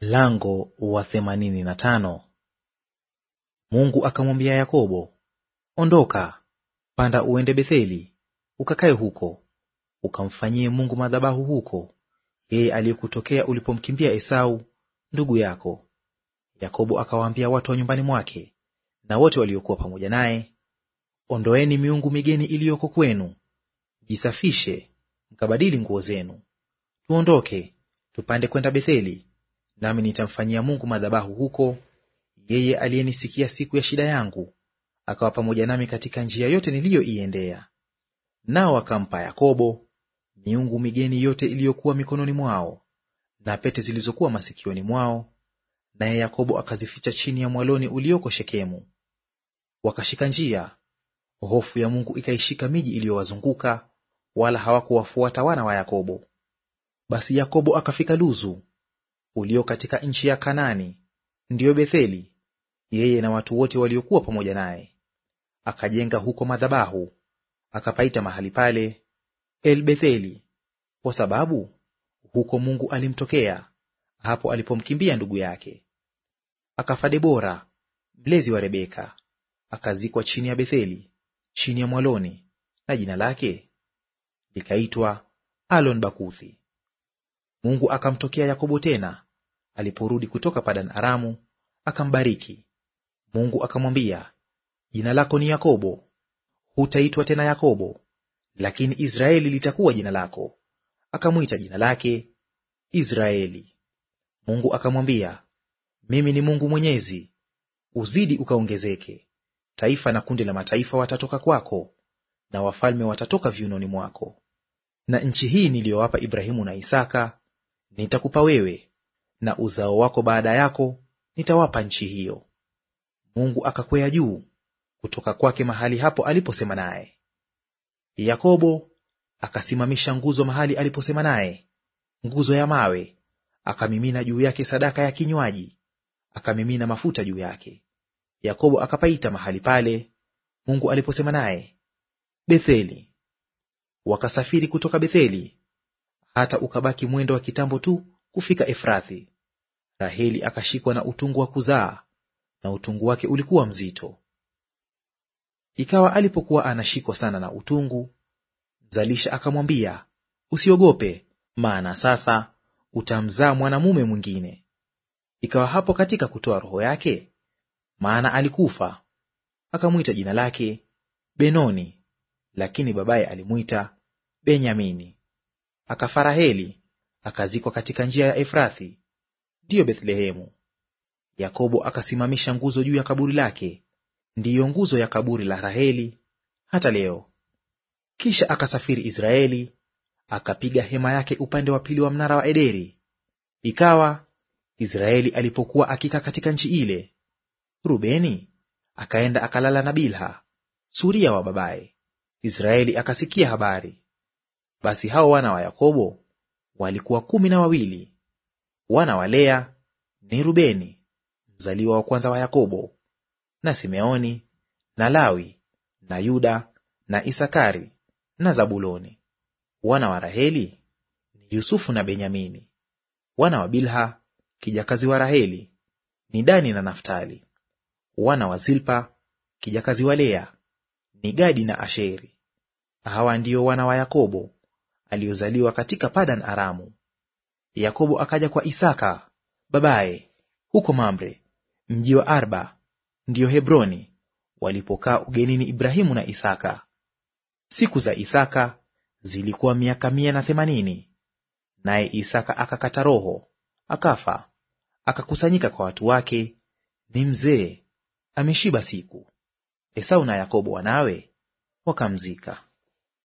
Lango wa themanini na tano. Mungu akamwambia Yakobo, ondoka, panda uende Betheli, ukakae huko, ukamfanyie Mungu madhabahu huko, yeye aliyekutokea ulipomkimbia Esau ndugu yako. Yakobo akawaambia watu wa nyumbani mwake na wote waliokuwa pamoja naye, ondoeni miungu migeni iliyoko kwenu, jisafishe, mkabadili nguo zenu, tuondoke, tupande kwenda Betheli nami nitamfanyia Mungu madhabahu huko, yeye aliyenisikia siku ya shida yangu, akawa pamoja nami katika njia yote niliyoiendea. Nao akampa Yakobo miungu migeni yote iliyokuwa mikononi mwao na pete zilizokuwa masikioni mwao, naye Yakobo akazificha chini ya mwaloni ulioko Shekemu. Wakashika njia, hofu ya Mungu ikaishika miji iliyowazunguka, wala hawakuwafuata wana wa Yakobo. Basi Yakobo akafika Luzu, ulio katika nchi ya kanani ndiyo Betheli, yeye na watu wote waliokuwa pamoja naye. Akajenga huko madhabahu, akapaita mahali pale El Betheli, kwa sababu huko Mungu alimtokea hapo alipomkimbia ndugu yake. Akafa Debora mlezi wa Rebeka, akazikwa chini ya Betheli chini ya mwaloni, na jina lake likaitwa Alon Bakuthi. Mungu akamtokea Yakobo tena aliporudi kutoka Padan Aramu akambariki. Mungu akamwambia, jina lako ni Yakobo, hutaitwa tena Yakobo, lakini Israeli litakuwa jina lako. Akamwita jina lake Israeli. Mungu akamwambia, mimi ni Mungu Mwenyezi, uzidi ukaongezeke. Taifa na kundi la mataifa watatoka kwako, na wafalme watatoka viunoni mwako. Na nchi hii niliyowapa Ibrahimu na Isaka nitakupa wewe na uzao wako baada yako nitawapa nchi hiyo. Mungu akakwea juu kutoka kwake mahali hapo aliposema naye. Yakobo akasimamisha nguzo mahali aliposema naye, nguzo ya mawe, akamimina juu yake sadaka ya kinywaji, akamimina mafuta juu yake. Yakobo akapaita mahali pale Mungu aliposema naye Betheli. Wakasafiri kutoka Betheli hata ukabaki mwendo wa kitambo tu kufika Efrathi, Raheli akashikwa na utungu wa kuzaa, na utungu wake ulikuwa mzito. Ikawa alipokuwa anashikwa sana na utungu, mzalisha akamwambia, usiogope, maana sasa utamzaa mwanamume mwingine. Ikawa hapo katika kutoa roho yake, maana alikufa, akamwita jina lake Benoni, lakini babaye alimwita Benyamini. Akafa Raheli akazikwa katika njia ya Efrathi, ndiyo Bethlehemu. Yakobo akasimamisha nguzo juu ya kaburi lake, ndiyo nguzo ya kaburi la Raheli hata leo. Kisha akasafiri Israeli, akapiga hema yake upande wa pili wa mnara wa Ederi. Ikawa Israeli alipokuwa akikaa katika nchi ile, Rubeni akaenda akalala na Bilha suria wa babaye. Israeli akasikia habari. Basi hao wana wa Yakobo walikuwa kumi na wawili. Wana wa Lea ni Rubeni mzaliwa wa kwanza wa Yakobo na Simeoni na Lawi na Yuda na Isakari na Zabuloni. Wana wa Raheli ni Yusufu na Benyamini. Wana wa Bilha kijakazi wa Raheli ni Dani na Naftali. Wana wa Zilpa kijakazi wa Lea ni Gadi na Asheri. Hawa ndiyo wana wa Yakobo aliyozaliwa katika Padan Aramu. Yakobo akaja kwa Isaka babaye huko Mamre, mji wa Arba, ndiyo Hebroni, walipokaa ugenini Ibrahimu na Isaka. Siku za Isaka zilikuwa miaka mia na themanini, naye Isaka akakata roho, akafa, akakusanyika kwa watu wake, ni mzee, ameshiba siku. Esau na Yakobo wanawe wakamzika.